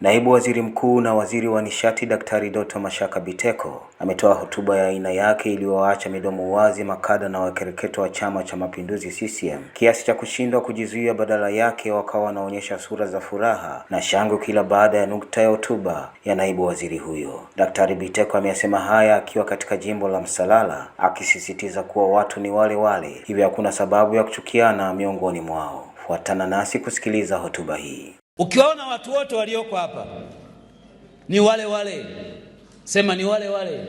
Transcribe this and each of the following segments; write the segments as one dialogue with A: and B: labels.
A: Naibu Waziri Mkuu na Waziri wa Nishati Daktari Doto Mashaka Biteko ametoa hotuba ya aina yake iliyowaacha midomo wazi makada na wakereketo wa Chama cha Mapinduzi CCM kiasi cha kushindwa kujizuia, badala yake wakawa wanaonyesha sura za furaha na shangwe kila baada ya nukta ya hotuba ya naibu waziri huyo. Daktari Biteko ameyasema haya akiwa katika jimbo la Msalala, akisisitiza kuwa watu ni wale wale, hivyo hakuna sababu ya kuchukiana miongoni mwao. Fuatana nasi kusikiliza hotuba hii.
B: Ukiwaona watu wote walioko hapa ni wale wale, sema ni wale wale.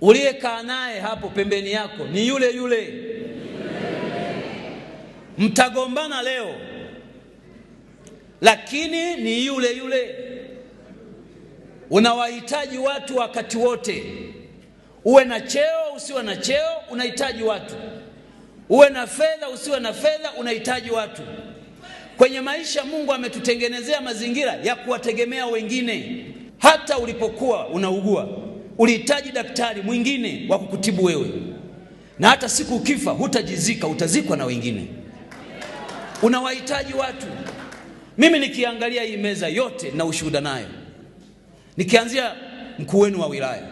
B: Uliyekaa naye hapo pembeni yako ni yule yule, mtagombana leo, lakini ni yule yule. Unawahitaji watu wakati wote, uwe na cheo usiwe na cheo, unahitaji watu, uwe na fedha usiwe na fedha, unahitaji watu. Kwenye maisha Mungu ametutengenezea mazingira ya kuwategemea wengine. Hata ulipokuwa unaugua ulihitaji daktari mwingine wa kukutibu wewe, na hata siku ukifa hutajizika, utazikwa na wengine. Unawahitaji watu. Mimi nikiangalia hii meza yote na ushuhuda nayo, nikianzia mkuu wenu wa wilaya,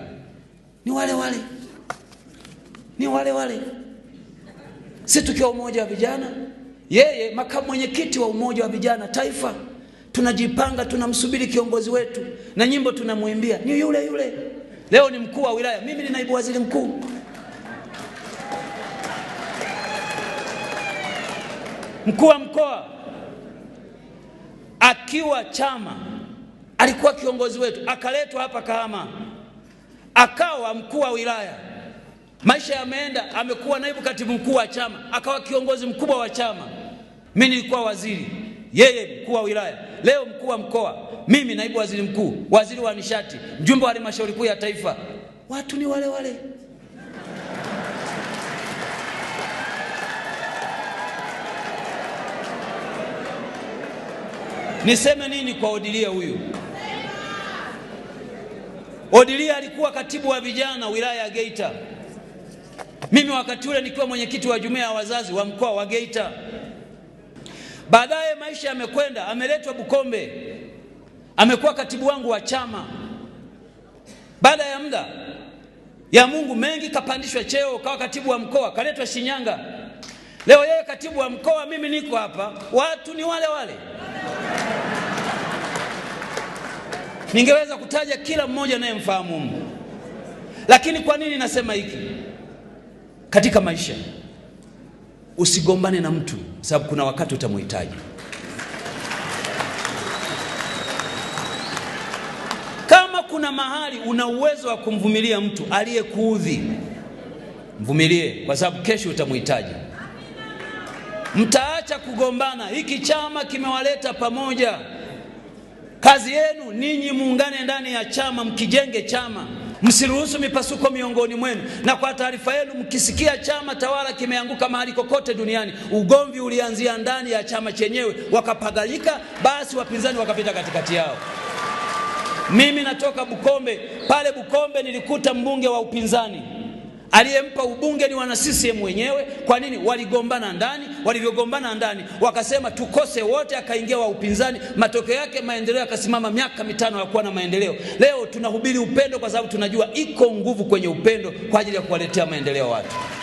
B: ni wale wale, ni wale wale, si tukiwa umoja wa vijana yeye makamu mwenyekiti wa umoja wa vijana taifa. Tunajipanga, tunamsubiri kiongozi wetu na nyimbo tunamwimbia ni yule yule. Leo ni mkuu wa wilaya, mimi ni naibu waziri mkuu. Mkuu wa mkoa akiwa chama alikuwa kiongozi wetu, akaletwa hapa Kahama akawa mkuu wa wilaya. Maisha yameenda, amekuwa naibu katibu mkuu wa chama, akawa kiongozi mkubwa wa chama mimi nilikuwa waziri, yeye mkuu wa wilaya, leo mkuu wa mkoa, mimi naibu waziri mkuu, waziri wa nishati, mjumbe wa halmashauri kuu ya taifa, watu ni wale wale. Niseme nini kwa Odilia huyu? Odilia alikuwa katibu wa vijana wilaya ya Geita, mimi wakati ule nikiwa mwenyekiti wa jumuiya ya wazazi wa mkoa wa Geita. Baadaye maisha yamekwenda, ameletwa Bukombe, amekuwa katibu wangu wa chama. Baada ya muda ya Mungu mengi, kapandishwa cheo, kawa katibu wa mkoa, kaletwa Shinyanga. Leo yeye katibu wa mkoa, mimi niko hapa, watu ni wale wale. Ningeweza kutaja kila mmoja anayemfahamu Mungu, lakini kwa nini nasema hiki katika maisha usigombane na mtu, sababu kuna wakati utamhitaji. Kama kuna mahali una uwezo wa kumvumilia mtu aliyekuudhi, mvumilie, kwa sababu kesho utamhitaji. Mtaacha kugombana. Hiki chama kimewaleta pamoja. Kazi yenu ninyi, muungane ndani ya chama, mkijenge chama Msiruhusu mipasuko miongoni mwenu. Na kwa taarifa yenu, mkisikia chama tawala kimeanguka mahali kokote duniani, ugomvi ulianzia ndani ya chama chenyewe, wakapagalika, basi wapinzani wakapita katikati yao. Mimi natoka Bukombe, pale Bukombe nilikuta mbunge wa upinzani Aliyempa ubunge ni wana CCM wenyewe. Kwa nini? Waligombana ndani, walivyogombana ndani wakasema tukose wote, akaingia wa upinzani. Matokeo yake maendeleo yakasimama, miaka mitano hakuwa na maendeleo. Leo tunahubiri upendo, kwa sababu tunajua iko nguvu kwenye upendo kwa ajili ya kuwaletea maendeleo watu.